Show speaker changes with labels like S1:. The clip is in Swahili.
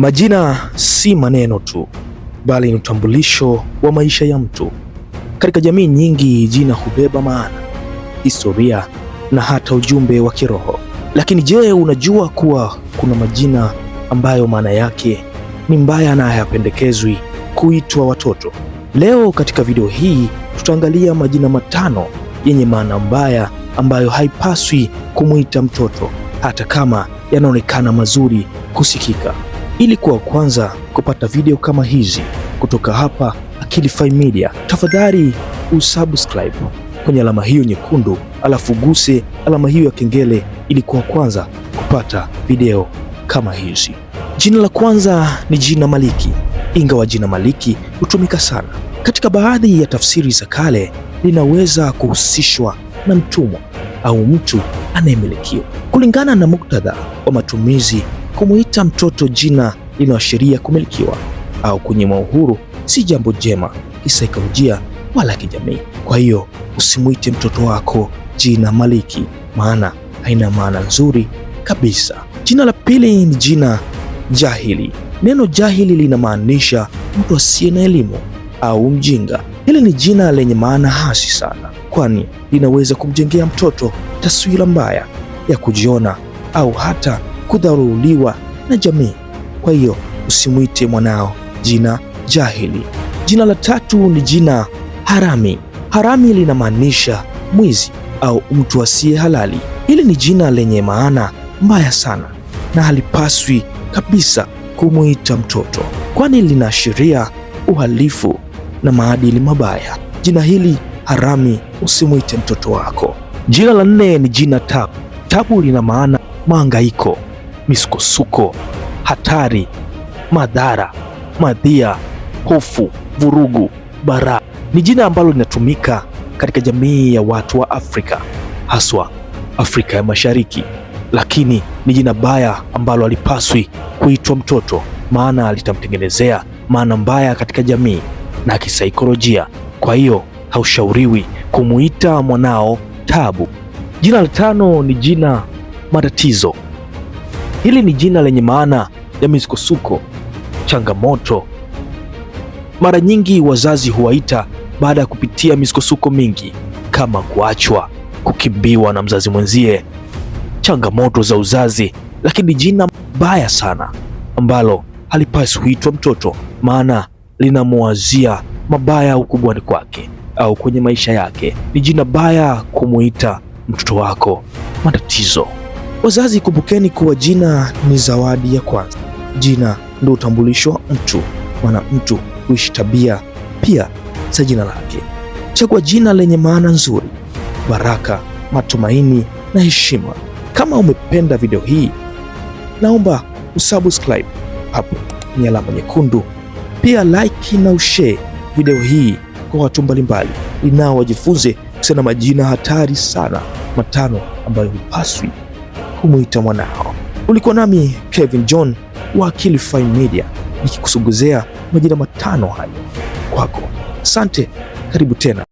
S1: Majina si maneno tu, bali ni utambulisho wa maisha ya mtu. Katika jamii nyingi, jina hubeba maana, historia na hata ujumbe wa kiroho. Lakini je, unajua kuwa kuna majina ambayo maana yake ni mbaya na hayapendekezwi kuitwa watoto? Leo katika video hii tutaangalia majina matano yenye maana mbaya ambayo haipaswi kumwita mtoto hata kama yanaonekana mazuri kusikika. Ili kuwa kwanza kupata video kama hizi kutoka hapa Akilify Media, tafadhali usubscribe kwenye alama hiyo nyekundu, alafu guse alama hiyo ya kengele ili kuwa kwanza kupata video kama hizi. Jina la kwanza ni jina Maliki. Ingawa jina Maliki hutumika sana katika baadhi ya tafsiri za kale, linaweza kuhusishwa na mtumwa au mtu anayemilikiwa. Kulingana na muktadha wa matumizi Kumuita mtoto jina linaloashiria kumilikiwa au kunyimwa uhuru, si jambo jema kisaikolojia wala kijamii. Kwa hiyo usimwite mtoto wako jina Maliki, maana haina maana nzuri kabisa. Jina la pili ni jina jahili. Neno jahili linamaanisha mtu asiye na elimu au mjinga. Hili ni jina lenye maana hasi sana, kwani linaweza kumjengea mtoto taswira mbaya ya kujiona au hata kudharuliwa na jamii. Kwa hiyo usimwite mwanao jina jahili. Jina la tatu ni jina harami. Harami linamaanisha mwizi au mtu asiye halali. Hili ni jina lenye maana mbaya sana na halipaswi kabisa kumwita mtoto, kwani linaashiria uhalifu na maadili mabaya. Jina hili harami usimwite mtoto wako. Jina la nne ni jina tabu. Tabu lina maana mahangaiko misukosuko, hatari, madhara, madhia, hofu, vurugu, bara ni jina ambalo linatumika katika jamii ya watu wa Afrika haswa Afrika ya Mashariki, lakini ni jina baya ambalo alipaswi kuitwa mtoto, maana litamtengenezea maana mbaya katika jamii na kisaikolojia. Kwa hiyo haushauriwi kumuita mwanao Tabu. Jina la tano ni jina matatizo. Hili ni jina lenye maana ya misukosuko, changamoto. Mara nyingi wazazi huwaita baada ya kupitia misukosuko mingi kama kuachwa, kukimbiwa na mzazi mwenzie, changamoto za uzazi, lakini jina baya sana ambalo halipaswi kuitwa mtoto, maana linamwazia mabaya ukubwani kwake au kwenye maisha yake. Ni jina baya kumuita mtoto wako matatizo. Wazazi, kumbukeni kuwa jina ni zawadi ya kwanza. Jina ndio utambulisho wa mtu, maana mtu huishi tabia pia za jina lake. Chagua jina lenye maana nzuri, baraka, matumaini na heshima. Kama umependa video hii, naomba usubscribe hapo ni alama nyekundu, pia like na ushare video hii kwa watu mbalimbali, linao wajifunze kusema majina hatari sana matano ambayo hupaswi humwita mwanao. Ulikuwa nami Kevin John wa Akili Media nikikusogezea majira matano hayo kwako. asante karibu tena.